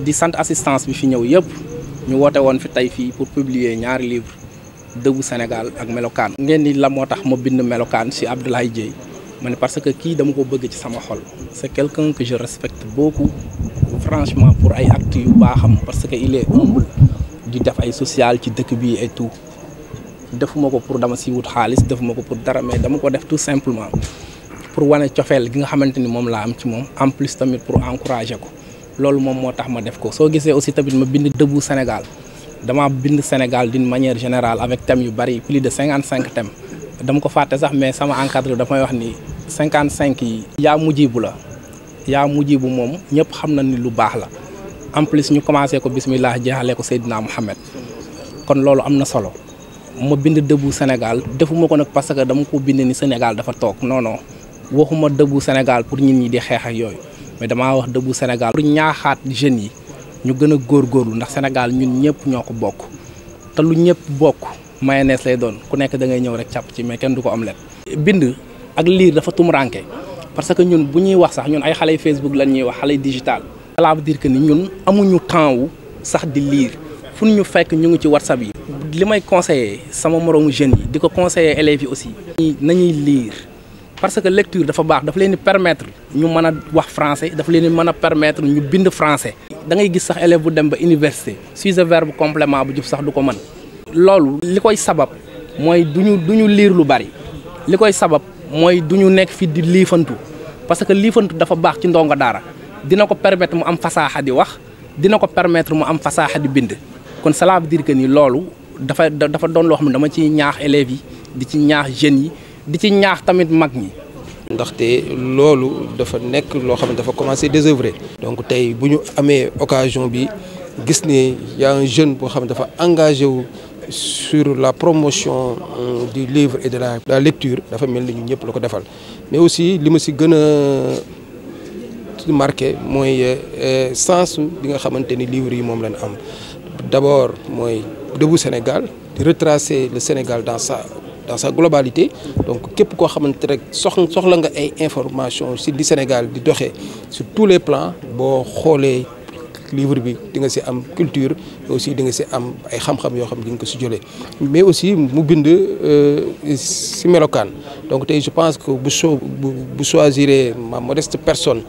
di sante assistance bi fi ñëw yëpp ñu woote woon fi tey fii pour publier ñaari livre dëggu Sénégal ak melokaan ngeen di la moo tax ma bind melokaan ci Abdoulaye Dieye ma ne parce que kii dama ko bëgg ci sama xol c'est quelqu'un que je respecte beaucoup franchement pour ay actes yu baaxam parce que il est humble di def ay social ci dëkk bi et tout defuma ko pour dama si wut xaalis defuma ko pour dara mais dama ko def tout simplement pour wane cofeel gi nga xamante ni moom laa am ci moom en plus tamit pour encourager ko lolou mom motax ma def ko so gisee aussi tamit ma bind debu senegal dama bind Senegal d'une manière générale avec thème yu bari plus de 55 thèmes dama ko faté sax mais sama encadré dama wax ni 55 yi. ya mujibu la ya mujibu mom ñep xam ni lu bax la en plus ñu commencé ko bismillah jeexalee ko sayyidina mohammed kon lolou am na solo ma bind debu senegal defuma ko nak parce que dama ko bind ni Senegal. dafa tok non non waxuma debu Senegal. pour ñin ñi di xex ak yoy mais damaa wax dëggu Sénégal pour ñaaxaat jeunes yi ñu gën a góorgóorlu ndax Sénégal ñun ñëpp ñoo ko bokk te lu ñëpp bokk mayonnaise lay doon ku nekk da ngay ñëw rek càpp ci mais kenn du ko omelette. bind ak liir dafa tumuranke parce que ñun bu ñuy wax sax ñun ay xale Facebook lañ ñuy wax xale digital. cela veut dire que ni ñun amuñu temps wu sax di liir fu ñu fekk ñu ngi ci WhatsApp yi. li may conseiller sama moroomu jeunes yi di ko conseiller élèves yi aussi. parce que lecture dafa bax daf permettre ñu mën français daf leen di permettre ñu bind français. da ngay verbe complément bu jub sax du ko mën. loolu li sabab lu bari sabab fi di parce que liifantu dafa baax ci ndongo daara dina permettre mu am fasaaxa di wax permettre mu am di kon cela veut dire que ni loolu dafa dafa di di ci ñaax tamit mag ñi. té lolu dafa nek lo xamné dafa commencer désœuvrer. donc tay buñu amé occasion bi gis ne y a un jeune bo xamné dafa engagé wu sur la promotion euh, du livre et de la la lecture dafa melni ñëpp lako défal mais aussi li ci gëna gën marqué moy euh, sens bi nga xamante ni livre yi moom lañ am d'abord moy debout Sénégal retracer le Sénégal dans sa dans sa globalité donc képp ko que information du Sénégal sur tous les plans bo livre bi di am culture aussi di nga am ay mais aussi mu euh, donc je pense que ma modeste personne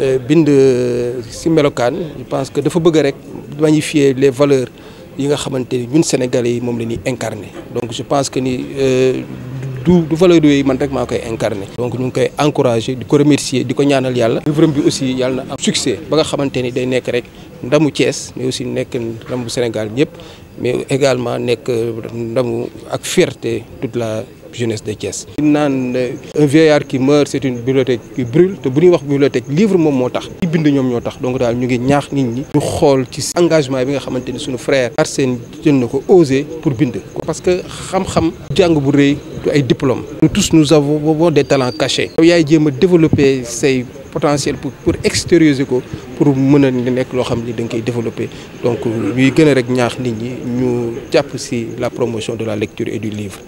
euh, bind euh, je pense que dafa bëgg rek magnifier les valeurs yi nga xamante ñun sénégalais yi la incarné donc je pense que ni euh, du du valeur yooyu man rek maa incarné. donc ñu koy encourager di ko remercier diko ñaanal yalla. livre bi aussi yalla na am succès ba nga xamanteni day nekk rek ndamu Thiès mais aussi nekk ndamu Sénégal ñep mais également nekk euh, ndamu ak fierté toute la jeunesse de caisses. Euh, un vieillard qui meurt c'est une bibliothèque qui brûle te bibliothèque livre donc nous ñu ngi ñaax nit ñi. ñu frère. Arsène osé pour bind. parce que xam-xam bu diplôme. nous tous nous avons des talents cachés. yow yaay développer potentiel pour pour pour développer donc nous la promotion de la lecture et du livre